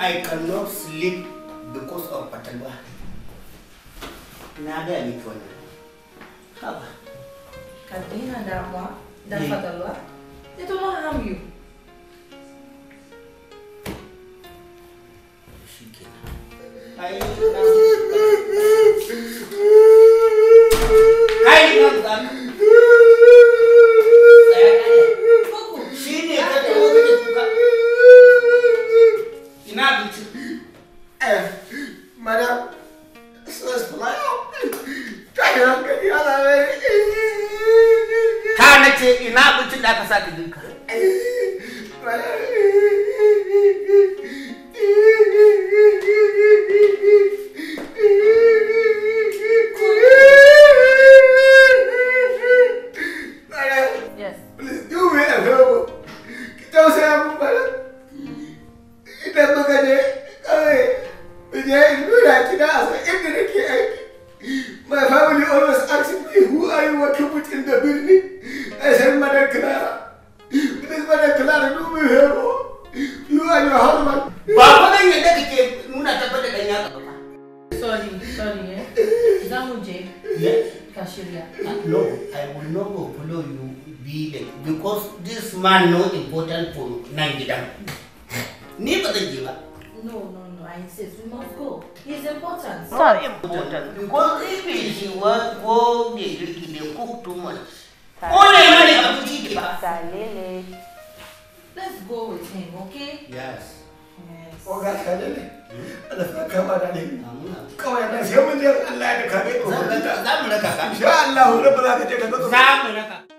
I cannot sleep because of Patalwa. Na gaya miki wannan. Haba. Ka daina dan iya. Patalwa? they will not harm you. Shi kenan. Ai, Madam, ka na ce ina abincin da aka sa ka jinka. Yes. Please do me a favor. were kept in the building. I said, Madam Clara, please, Madam Clara, do You and your husband. Baba, then you take Nuna dan Sorry, sorry. Eh? je. Yes. No, I will not go you be because this man no important for Ni ba zan je ba. No, no. I insist we must go. It's important. Not important. Because if it's work, go, they, they cook too much. Only Salele. Let's go with him, okay? Yes. Yes. Oga oh, Salele. Allah kama da ne. Kawai da sai mun je Allah ya come ku. Za mu raka ka. Insha Allah rabbana ka je ka zo. Za Come raka.